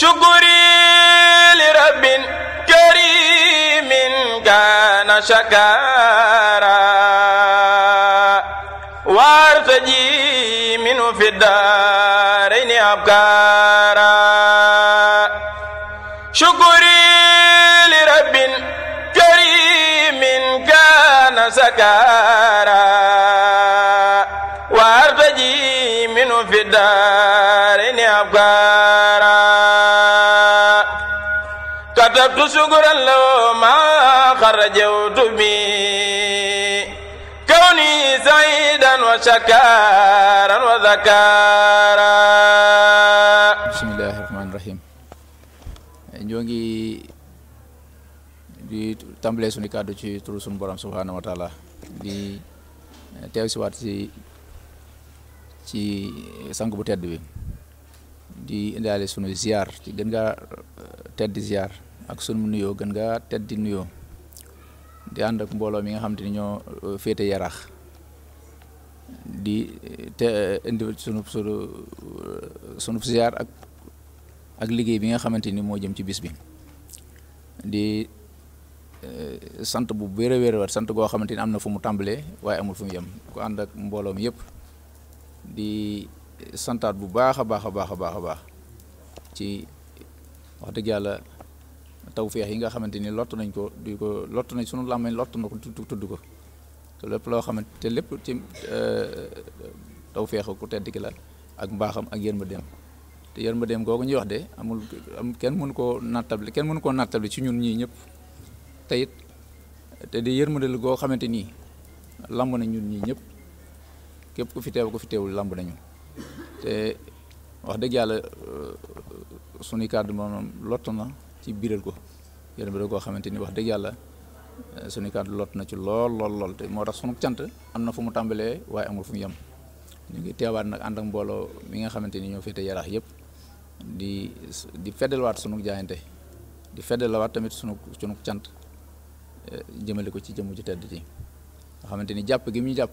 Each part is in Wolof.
shukri li rabbin karimin kana shakara wartaji minu fi daraini abkara shukri li rabbin karimin kana shakara wartaji minu fi daraini abkara وجدت شكرا له ما خرجت به كوني سعيدا وشكارا وذكارا بسم الله الرحمن الرحيم ñoongi di tàmbalee suñu kàddu ci turu suñu borom subhaanahu wa taala di teew si waat ci sang bu tedd bi di indaale sunu ziar ci gën ngaa tedd ziar ak sunu nuyoo gën nga tedd di nuyoo di ànd ak mbooloo mi nga xam ni ñoo uh, féete yaraax di uh, te uh, indi sunu sunu sunu ziar ak ak liggéey bi nga xamante ni moo jëm ci bis bi di sant bu wéer a sant goo xamante ni am na fu mu tàmbalee waaye amul fu mu ku ànd ak mbooloom mi yëpp di santaat bu baax a baax a baax a baax a baax ci wax dëgg yàlla. tawféex yi nga xamante ni lott nañ ko di ko lott nañ sunu làmmañ lott na ko tudd ko te lépp loo xamante te lépp ci euh, tawféexu ku tedd ki la ak mbaaxam ak yërmandeem te yërmandeem googu ñuy wax de amul am kenn mënu koo li kenn mënu koo nattable ci ñun ñii ñëpp te it te di yërmandeel goo xamante nii lamb na ñun ñii ñëpp képp ku fi teew ku fi teewul lamb nañu te wax dëgg yàlla euh, suñu kàddu moom lott na ci biiral ko yéen bi da koo xamante ni wax dëgg yàlla eh, suñu kàddu lot na ci lool lool lool te moo tax sunu cant am na fu mu tàmbalee waaye amul fu mu yem ñu ngi teewaat nag ànd ak mbooloo mi nga xamante ni ñoo féete yaraax yëpp di di feddalawaat sunu jaayante di feddalawaat tamit sunu sunu cant eh, jëmale ko ci jëm ci tedd ji nga xamante ni jàpp gi mu ñu jàpp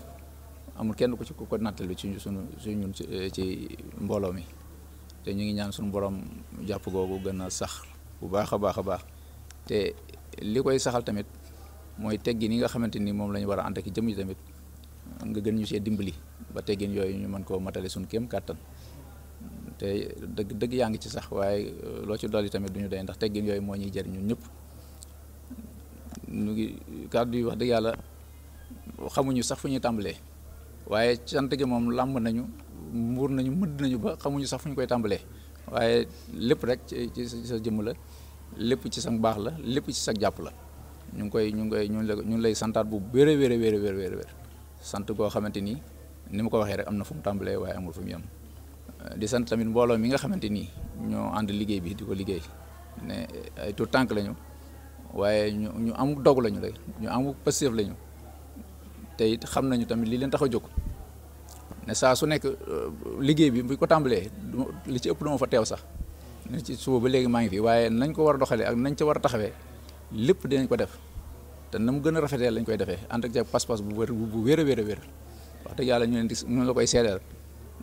amul kenn ku ci ko nattalu ci sunu suñu ci eh, ci mbooloo mi te ñu ngi ñaan sunu borom jàpp googu gën a sax bu baax a baax a baax te li koy saxal tamit mooy teggin yi nga xamante ni moom lañu war a ànd ak jëm yi tamit nga gën ñu see dimbali ba teggin yooyu ñu mën koo matale suñ kéem kàttan te dëgg dëgg yaa ngi ci sax waaye uh, loo ci dolli tamit duñu day ndax teggin yooyu moo ñuy jariñ ñun ñëpp ñu kàddu yi wax dëgg yàlla xamuñu sax fu ñu tàmbalee waaye cant gi moom làmb nañu mbuur nañu mëdd nañu ba xamuñu sax fu ñu koy tàmbalee waaye lépp rek ci sa jëmm la lépp ci sa baax la lépp ci sa jàpp la ñu ngi koy ñu ngi koy ñu ngi lay santaat bu wéré wéré wéré wéré wéré sant koo xamante ni ni ma ko waxee rek am na fu mu tàmbalee waaye amul fu mu yem euh, di sant tamit mbooloo mi nga xamante ni ñoo ànd liggéey bi di ko liggéey ne euh, ay tout tànk lañu waaye ñu ñu am dog lañu rek ñu am pastéef lañu te it xam nañu tamit li leen tax a jóg ne saa su nekk euh, liggéey bi bu ko tàmbalee li ci ëpp duma fa teew sax. ne ci suba ba léegi maa ngi fi waaye nañ ko war a doxalee ak nañ ca war a taxawee lépp dinañ ko def te na mu gën a rafetee lañ koy defee ànd ak jàpp pas-pas bu wér bu wér a wér a wér wax dëgg yàlla ñu la koy seedeel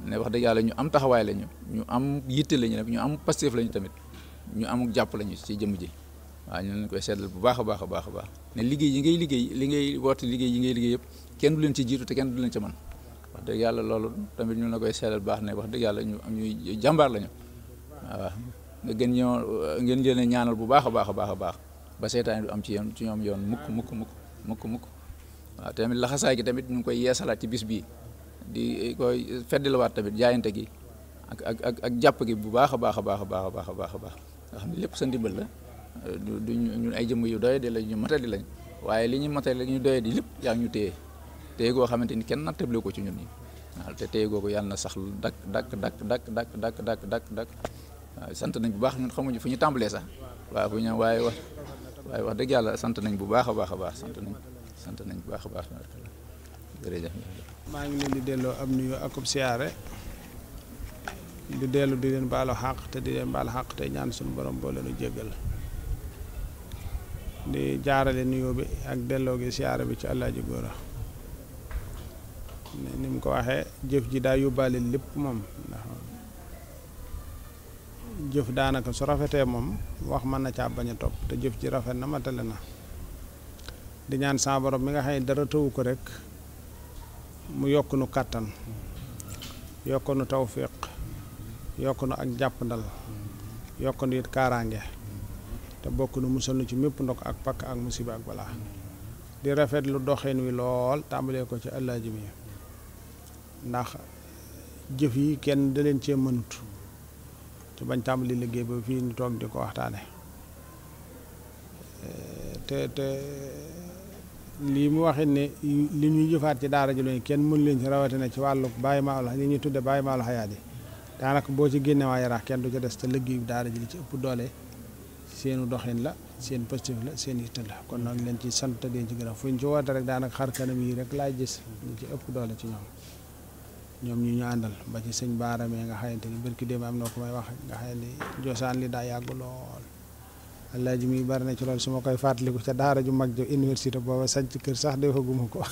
ne wax dëgg ñu am taxawaay lañu ñu am yitte lañu nag ñu am pastif lañu tamit ñu am jàpp lañu ci jëm ji waa ñu leen koy seedeel bu baax a baax a baax a baax ne liggéey yi ngay liggéey li ngay woote liggéey yi ngay liggéey yëpp kenn du leen ci jiitu te kenn du leen ci man wax dëgg yàlla loolu tamit ñu la koy seedeel baax ne wax dëgg yàlla ñu am ñuy jàmbaar lañu waaw nga gën ñoo ngeen gën a ñaanal bu baax a baax a baax a baax ba seetaan du am ci yoon ci ñoom yoon mukk mukk mukk mukk mukk waaw tamit laxasaay gi tamit ñu koy yeesalaat ci bis bii di koy feddaliwaat tamit jaayante gi ak ak ak ak jàpp gi bu baax a baax a baax a baax a baax a baax a baax ne lépp sa ndimbal la du ñun ay jëmm yu doy di la ñu matali lañ waaye li ñu matali ñu doy di lépp yaa ngi ñu téye téye ni kenn nattable ko ci ñun ñi waaw te téye googu na sax dakk dakk dakk dakk dakk dakk dakk dakk waaw sant nañ bu baax ñun xamuñu fu ñu tàmbalee sax waaw bu ñu waaye wax waaye wax dëgg yàlla sant nañ bu baax a baax a baax sant nañ sant nañ bu baax a baax maa ngi leen di delloo am ak akub siyaare di dellu di leen baalu xàq te di leen baalu xàq te ñaan suñu borom boo leen jéggal di jaarale nuyoo bi ak delloo gi siyaare bi ci Alaaji Góora ni mu ko waxee jëf ji daa yóbbaale lépp moom jëf daanaka su rafetee moom wax mën na caa bañ a topp te jëf ji rafet na matale na di ñaan sa borom mi nga xam ne dara tëwu ko rek mu yokk nu kàttan yokk nu tawfiq yokk nu ak jàppandal yokk nu it kaaraange te bokk nu musal nu ci mépp ndok ak pakk ak musiba ak balaa di rafet lu doxin wi lool tàmbalee ko ci àllaaji mi ndax jëf yi kenn da leen cee mënut te bañ tàmbali liggéey ba fii ñu toog di ko waxtaane te te lii mu waxit ne li muy jëfaat ci daara ji lañu kenn mën leen ci rawatina ci wàllu bàyyi maalo li ñuy tuddee bàyyi maalo xayaat yi daanaka boo ci génne waa yaraax kenn du ci des te liggéeyu daara ji li ci ëpp doole seeni doxin la seen positif la seen yitte la kon nag leen ci sant te leen ci gërëm fu ñu ci woote rek daanaka xar kanam yii rek laay gis li ci ëpp doole ci ñoom ñoom ñu ñu àndal ba ci sëñ baaramee nga xamante ni barki démb am na ko may wax nga xam ne josaan li daa yàgg lool ji muy bari na ci lool su ma koy fàttaliku ca daara ju mag jo université booba sañ ci kër sax defaguma ko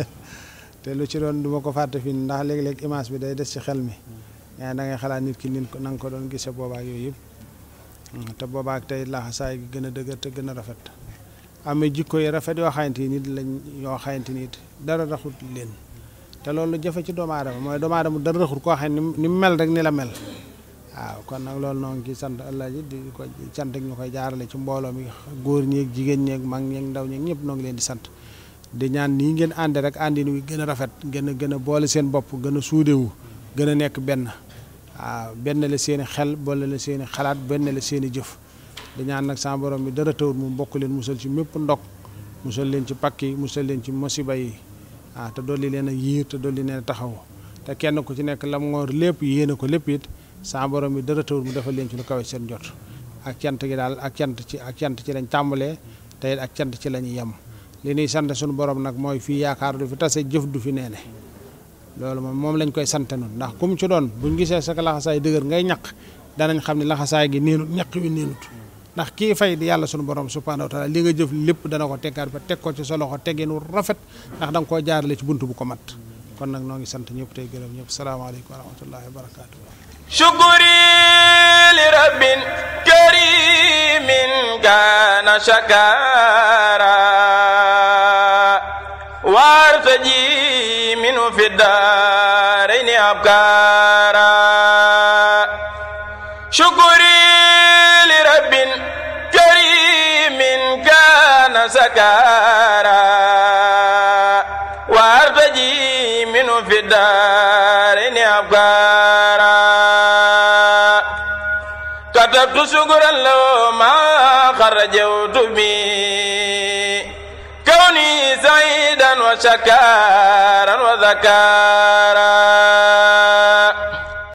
te lu ci doon du ko fàtte fi ndax léeg-léeg bi day des ci xel mi da ngay xalaat nit ki nin ko nanga ko doon gisee boobaak yooyu yëpp mm, te boobaak tey laxasaay gi gën a dëgër te gën a rafet amee jikko yi rafet yoo xamante ni lañ yoo xamante ni dara raxut leen te loolu jafe ci doomu mooy doomu aadama dara rëxul koo xam ne ni mu mel rek ni la mel waaw kon nag loolu noo ngi ciy sant Allah ji di ko sant ak ñu koy jaarale ci mbooloo mi góor ñeeg jigéen ñeeg mag ñeeg ndaw ñeeg ñëpp noo ngi leen di sant di ñaan nii ngeen ànd rek àndin wi gën a rafet gën a gën a boole seen bopp gën a suudewu gën a nekk benn waaw benn la seen xel boole la seen xalaat benn la seen i jëf di ñaan nag sama borom bi dara tawut mu mbokk leen musal ci mépp ndog musal leen ci pakk yi musal leen ci mosiba yi ah te dolli leen a yiir te dolli neen a taxaw te kenn ku ci nekk lam ngoor lépp yéene ko lépp it saa borom bi dara mu defal leen ci lu kawe seen jot ak cant gi daal ak cant ci ak cant ci lañ tàmbalee tey it ak cant ci la ñuy yem li ñuy sant suñu borom nag mooy fii yaakaar du fi tase jëf du fi neene loolu moom moom lañ koy sante noonu ndax kum ci doon bu ñu gisee sa laxasaay dëgër ngay ñaq danañ xam ne laxasaay gi neenut ñaq wi neenut ndax kii fay di yàlla sunu borom subhanahu wa taala nga jëf lépp dana ko teggaat ba teg ko ci sa loxo teginu rafet ndax da nga koo jaarale ci bunt bu ko mat kon nag noo ngi sant ñëpp tey gërëm ñëpp salaamaaleykum wa rahmatullahi wa minu fi daarayni abkara سكارا وارتجي منه في الدارين أبكارا كتبت شكرا له ما خرجت به كوني سعيدا وشكارا وذكارا